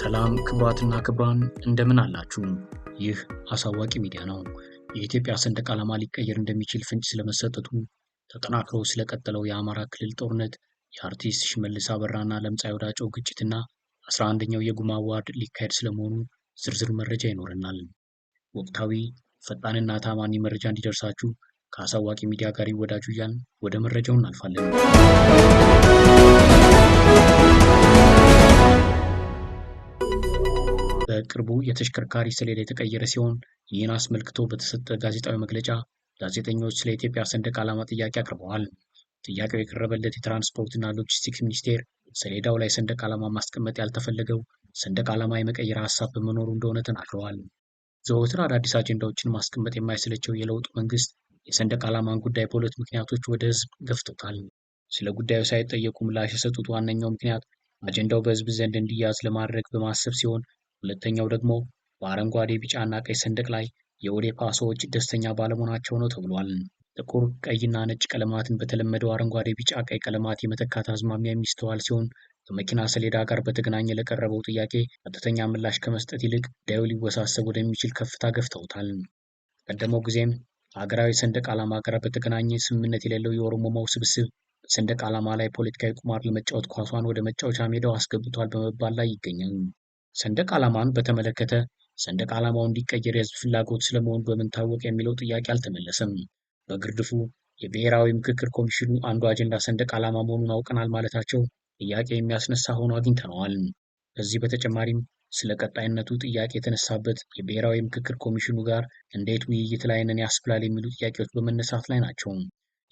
ሰላም ክቡራትና ክቡራን እንደምን አላችሁ? ይህ አሳዋቂ ሚዲያ ነው። የኢትዮጵያ ሰንደቅ ዓላማ ሊቀየር እንደሚችል ፍንጭ ስለመሰጠቱ፣ ተጠናክሮ ስለቀጠለው የአማራ ክልል ጦርነት፣ የአርቲስት ሽመልስ አበራና ለምጻይ ወዳጨው ግጭትና 11ኛው የጉማ ዋርድ ሊካሄድ ስለመሆኑ ዝርዝር መረጃ ይኖረናል። ወቅታዊ ፈጣንና ታማኒ መረጃ እንዲደርሳችሁ ከአሳዋቂ ሚዲያ ጋር ይወዳጁ እያልን ወደ መረጃው እናልፋለን። በቅርቡ የተሽከርካሪ ሰሌዳ የተቀየረ ሲሆን ይህን አስመልክቶ በተሰጠ ጋዜጣዊ መግለጫ ጋዜጠኞች ስለ ኢትዮጵያ ሰንደቅ ዓላማ ጥያቄ አቅርበዋል። ጥያቄው የቀረበለት የትራንስፖርትና ሎጂስቲክስ ሚኒስቴር ሰሌዳው ላይ ሰንደቅ ዓላማ ማስቀመጥ ያልተፈለገው ሰንደቅ ዓላማ የመቀየር ሀሳብ በመኖሩ እንደሆነ ተናግረዋል። ዘወትር አዳዲስ አጀንዳዎችን ማስቀመጥ የማይስለቸው የለውጡ መንግስት የሰንደቅ ዓላማን ጉዳይ በሁለት ምክንያቶች ወደ ህዝብ ገፍቶታል። ስለ ጉዳዩ ሳይጠየቁ ምላሽ የሰጡት ዋነኛው ምክንያት አጀንዳው በህዝብ ዘንድ እንዲያዝ ለማድረግ በማሰብ ሲሆን ሁለተኛው ደግሞ በአረንጓዴ፣ ቢጫና ቀይ ሰንደቅ ላይ የኦዴፓ ሰዎች ደስተኛ ባለመሆናቸው ነው ተብሏል። ጥቁር፣ ቀይና ነጭ ቀለማትን በተለመደው አረንጓዴ፣ ቢጫ፣ ቀይ ቀለማት የመተካት አዝማሚያ የሚስተዋል ሲሆን ከመኪና ሰሌዳ ጋር በተገናኘ ለቀረበው ጥያቄ ቀጥተኛ ምላሽ ከመስጠት ይልቅ ጉዳዩ ሊወሳሰብ ወደሚችል ከፍታ ገፍተውታል። ቀደመው ጊዜም ሀገራዊ ሰንደቅ ዓላማ ጋር በተገናኘ ስምምነት የሌለው የኦሮሞማው ስብስብ በሰንደቅ ዓላማ ላይ ፖለቲካዊ ቁማር ለመጫወት ኳሷን ወደ መጫወቻ ሜዳው አስገብቷል በመባል ላይ ይገኛል። ሰንደቅ ዓላማን በተመለከተ ሰንደቅ ዓላማው እንዲቀየር የህዝብ ፍላጎት ስለመሆኑ በምን ታወቀ የሚለው ጥያቄ አልተመለሰም። በግርድፉ የብሔራዊ ምክክር ኮሚሽኑ አንዱ አጀንዳ ሰንደቅ ዓላማ መሆኑን አውቀናል ማለታቸው ጥያቄ የሚያስነሳ ሆኖ አግኝተነዋል። ከዚህ በተጨማሪም ስለ ቀጣይነቱ ጥያቄ የተነሳበት የብሔራዊ ምክክር ኮሚሽኑ ጋር እንዴት ውይይት ላይ ነን ያስብላል የሚሉ ጥያቄዎች በመነሳት ላይ ናቸው።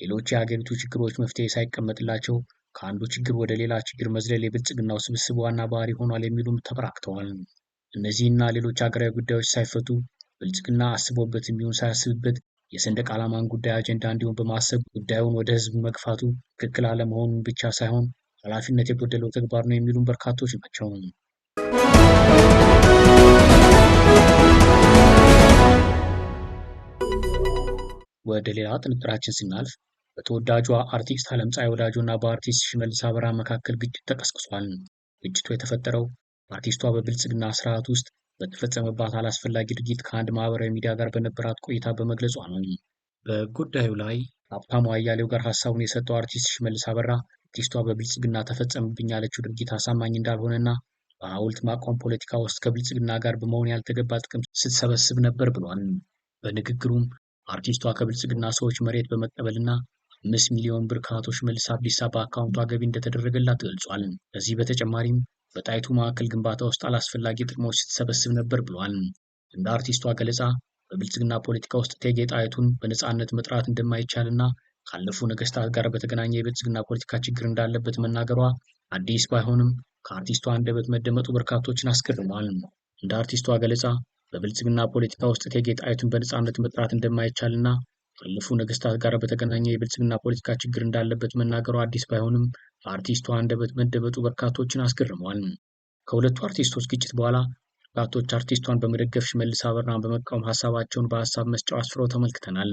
ሌሎች የሀገሪቱ ችግሮች መፍትሄ ሳይቀመጥላቸው ከአንዱ ችግር ወደ ሌላ ችግር መዝለል የብልጽግናው ስብስብ ዋና ባህሪ ሆኗል የሚሉም ተበራክተዋል። እነዚህና ሌሎች ሀገራዊ ጉዳዮች ሳይፈቱ ብልጽግና አስቦበት የሚሆን ሳያስብበት የሰንደቅ ዓላማን ጉዳይ አጀንዳ እንዲሆን በማሰብ ጉዳዩን ወደ ህዝብ መግፋቱ ትክክል አለመሆኑን ብቻ ሳይሆን ኃላፊነት የጎደለው ተግባር ነው የሚሉም በርካቶች ናቸው። ወደ ሌላ ጥንቅራችን ስናልፍ በተወዳጇ አርቲስት አለምፀሐይ ወዳጆ እና በአርቲስት ሽመልስ አበራ መካከል ግጭት ተቀስቅሷል። ግጭቱ የተፈጠረው አርቲስቷ በብልጽግና ስርዓት ውስጥ በተፈጸመባት አላስፈላጊ ድርጊት ከአንድ ማህበራዊ ሚዲያ ጋር በነበራት ቆይታ በመግለጿ ነው። በጉዳዩ ላይ ሀብታሙ አያሌው ጋር ሀሳቡን የሰጠው አርቲስት ሽመልስ አበራ አርቲስቷ በብልጽግና ተፈጸምብኝ ያለችው ድርጊት አሳማኝ እንዳልሆነና በሐውልት ማቆም ፖለቲካ ውስጥ ከብልጽግና ጋር በመሆን ያልተገባ ጥቅም ስትሰበስብ ነበር ብሏል። በንግግሩም አርቲስቷ ከብልጽግና ሰዎች መሬት በመቀበልና አምስት ሚሊዮን ብር ከአቶች መልስ አዲስ አበባ አካውንቱ ገቢ እንደተደረገላት ገልጿል። ከዚህ በተጨማሪም በጣይቱ ማዕከል ግንባታ ውስጥ አላስፈላጊ ጥቅሞች ስትሰበስብ ነበር ብሏል። እንደ አርቲስቷ ገለጻ በብልጽግና ፖለቲካ ውስጥ እቴጌ ጣይቱን በነፃነት መጥራት እንደማይቻልና ካለፉ ነገስታት ጋር በተገናኘ የብልጽግና ፖለቲካ ችግር እንዳለበት መናገሯ አዲስ ባይሆንም ከአርቲስቷ አንደበት መደመጡ በርካቶችን አስገርሟል። እንደ አርቲስቷ ገለጻ በብልጽግና ፖለቲካ ውስጥ እቴጌ ጣይቱን በነፃነት መጥራት እንደማይቻልና ካለፉ ነገስታት ጋር በተገናኘ የብልጽግና ፖለቲካ ችግር እንዳለበት መናገሩ አዲስ ባይሆንም አርቲስቷ አንደበት መደበጡ በርካቶችን አስገርመዋል። ከሁለቱ አርቲስቶች ግጭት በኋላ በርካቶች አርቲስቷን በመደገፍ ሽመልስ አበራን በመቃወም ሀሳባቸውን በሀሳብ መስጫው አስፍረው ተመልክተናል።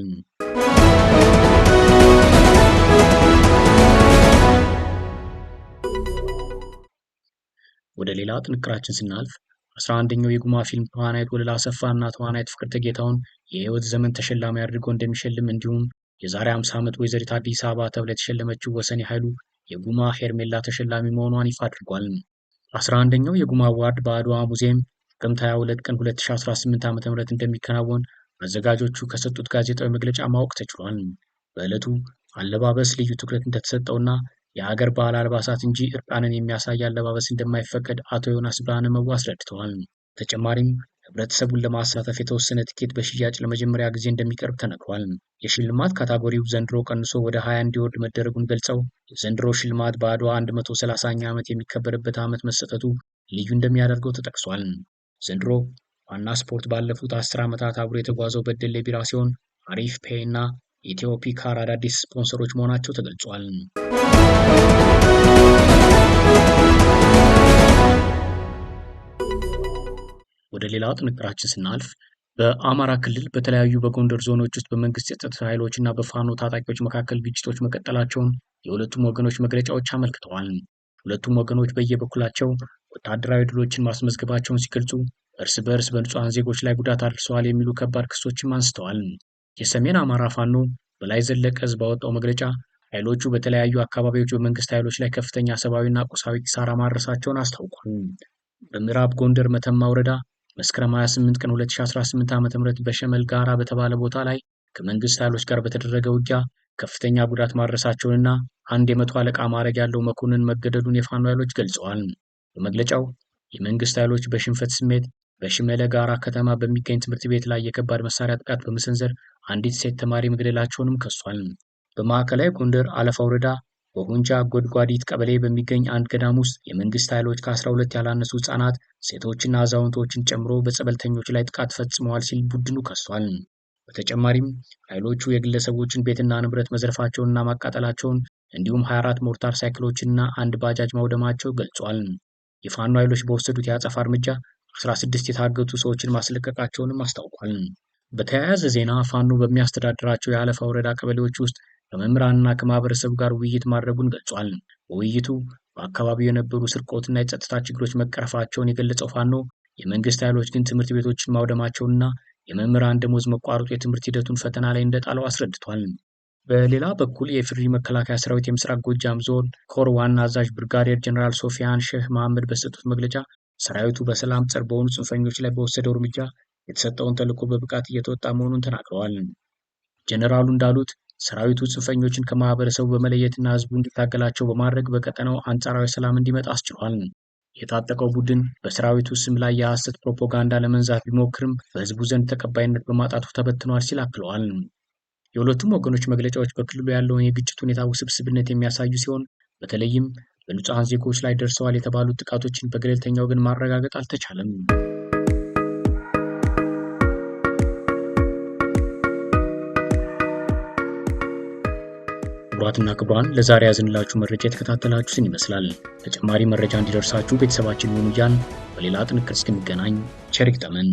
ወደ ሌላ ጥንቅራችን ስናልፍ አስራ አንደኛው የጉማ ፊልም ተዋናይት ወለላ አሰፋ እና ተዋናይት ፍቅርተ ጌታውን የህይወት ዘመን ተሸላሚ አድርጎ እንደሚሸልም እንዲሁም የዛሬ 50 ዓመት ወይዘሪት አዲስ አበባ ተብላ የተሸለመችው ወሰኔ ኃይሉ የጉማ ሄርሜላ ተሸላሚ መሆኗን ይፋ አድርጓል። 11ኛው የጉማ አዋርድ በአድዋ ሙዚየም ጥቅምት 22 ቀን 2018 ም እንደሚከናወን አዘጋጆቹ ከሰጡት ጋዜጣዊ መግለጫ ማወቅ ተችሏል። በዕለቱ አለባበስ ልዩ ትኩረት እንደተሰጠውና የሀገር ባህል አልባሳት እንጂ እርቃንን የሚያሳይ አለባበስ እንደማይፈቀድ አቶ ዮናስ ብርሃነ መዋ አስረድተዋል። በተጨማሪም ህብረተሰቡን ለማሳተፍ የተወሰነ ትኬት በሽያጭ ለመጀመሪያ ጊዜ እንደሚቀርብ ተነግሯል። የሽልማት ካታጎሪው ዘንድሮ ቀንሶ ወደ 20 እንዲወርድ መደረጉን ገልጸው የዘንድሮ ሽልማት በአድዋ 130ኛ ዓመት የሚከበርበት ዓመት መሰጠቱ ልዩ እንደሚያደርገው ተጠቅሷል። ዘንድሮ ዋና ስፖርት ባለፉት አስር ዓመታት አብሮ የተጓዘው በደሌ ቢራ ሲሆን አሪፍ ፔይ እና ኢትዮ ካር አዳዲስ ስፖንሰሮች መሆናቸው ተገልጿል። ወደ ሌላ ጥንቅራችን ስናልፍ በአማራ ክልል በተለያዩ በጎንደር ዞኖች ውስጥ በመንግስት የጸጥታ ኃይሎች እና በፋኖ ታጣቂዎች መካከል ግጭቶች መቀጠላቸውን የሁለቱም ወገኖች መግለጫዎች አመልክተዋል። ሁለቱም ወገኖች በየበኩላቸው ወታደራዊ ድሎችን ማስመዝገባቸውን ሲገልጹ፣ እርስ በእርስ በንጹሐን ዜጎች ላይ ጉዳት አድርሰዋል የሚሉ ከባድ ክሶችም አንስተዋል። የሰሜን አማራ ፋኖ በላይ ዘለቀ ህዝብ ባወጣው መግለጫ ኃይሎቹ በተለያዩ አካባቢዎች በመንግስት ኃይሎች ላይ ከፍተኛ ሰብአዊና ቁሳዊ ኪሳራ ማድረሳቸውን አስታውቋል። በምዕራብ ጎንደር መተማ ወረዳ መስከረም 28 ቀን 2018 ዓ ም በሸመል ጋራ በተባለ ቦታ ላይ ከመንግስት ኃይሎች ጋር በተደረገ ውጊያ ከፍተኛ ጉዳት ማድረሳቸውንና አንድ የመቶ አለቃ ማዕረግ ያለው መኮንን መገደሉን የፋኖ ኃይሎች ገልጸዋል። በመግለጫው የመንግስት ኃይሎች በሽንፈት ስሜት በሽመለ ጋራ ከተማ በሚገኝ ትምህርት ቤት ላይ የከባድ መሳሪያ ጥቃት በመሰንዘር አንዲት ሴት ተማሪ መግደላቸውንም ከሷል። በማዕከላዊ ጎንደር አለፋ ወረዳ በሁንጃ ጎድጓዲት ቀበሌ በሚገኝ አንድ ገዳም ውስጥ የመንግስት ኃይሎች ከ12 ያላነሱ ህጻናት ሴቶችና አዛውንቶችን ጨምሮ በጸበልተኞች ላይ ጥቃት ፈጽመዋል ሲል ቡድኑ ከሷል። በተጨማሪም ኃይሎቹ የግለሰቦችን ቤትና ንብረት መዘርፋቸውንና ማቃጠላቸውን እንዲሁም 24 ሞርታር ሳይክሎችና አንድ ባጃጅ ማውደማቸው ገልጿል። የፋኖ ኃይሎች በወሰዱት የአጸፋ እርምጃ 16 የታገቱ ሰዎችን ማስለቀቃቸውንም አስታውቋል። በተያያዘ ዜና ፋኖ በሚያስተዳድራቸው የአለፋ ወረዳ ቀበሌዎች ውስጥ ከመምህራንና ከማህበረሰቡ ጋር ውይይት ማድረጉን ገልጿል። በውይይቱ በአካባቢው የነበሩ ስርቆትና የጸጥታ ችግሮች መቀረፋቸውን የገለጸው ፋኖ የመንግስት ኃይሎች ግን ትምህርት ቤቶችን ማውደማቸውንና የመምህራን ደሞዝ መቋረጡ የትምህርት ሂደቱን ፈተና ላይ እንደጣለው አስረድቷል። በሌላ በኩል የፍሪ መከላከያ ሰራዊት የምስራቅ ጎጃም ዞን ኮር ዋና አዛዥ ብርጋዴር ጀኔራል ሶፊያን ሼህ መሐመድ በሰጡት መግለጫ ሰራዊቱ በሰላም ጸር በሆኑ ጽንፈኞች ላይ በወሰደው እርምጃ የተሰጠውን ተልዕኮ በብቃት እየተወጣ መሆኑን ተናግረዋል። ጀኔራሉ እንዳሉት ሰራዊቱ ጽንፈኞችን ከማህበረሰቡ በመለየትና ህዝቡ እንዲታገላቸው በማድረግ በቀጠናው አንጻራዊ ሰላም እንዲመጣ አስችሏል። የታጠቀው ቡድን በሰራዊቱ ስም ላይ የሐሰት ፕሮፓጋንዳ ለመንዛት ቢሞክርም በህዝቡ ዘንድ ተቀባይነት በማጣቱ ተበትኗል ሲል አክለዋል። የሁለቱም ወገኖች መግለጫዎች በክልሉ ያለውን የግጭት ሁኔታ ውስብስብነት የሚያሳዩ ሲሆን በተለይም በንጹሐን ዜጎች ላይ ደርሰዋል የተባሉት ጥቃቶችን በገለልተኛ ወገን ማረጋገጥ አልተቻለም። ክቡራትና ክቡራን ለዛሬ ያዝንላችሁ መረጃ የተከታተላችሁትን ይመስላል። ተጨማሪ መረጃ እንዲደርሳችሁ ቤተሰባችን ይሁኑ እያልን በሌላ ጥንቅር እስክንገናኝ ቸር ይግጠመን።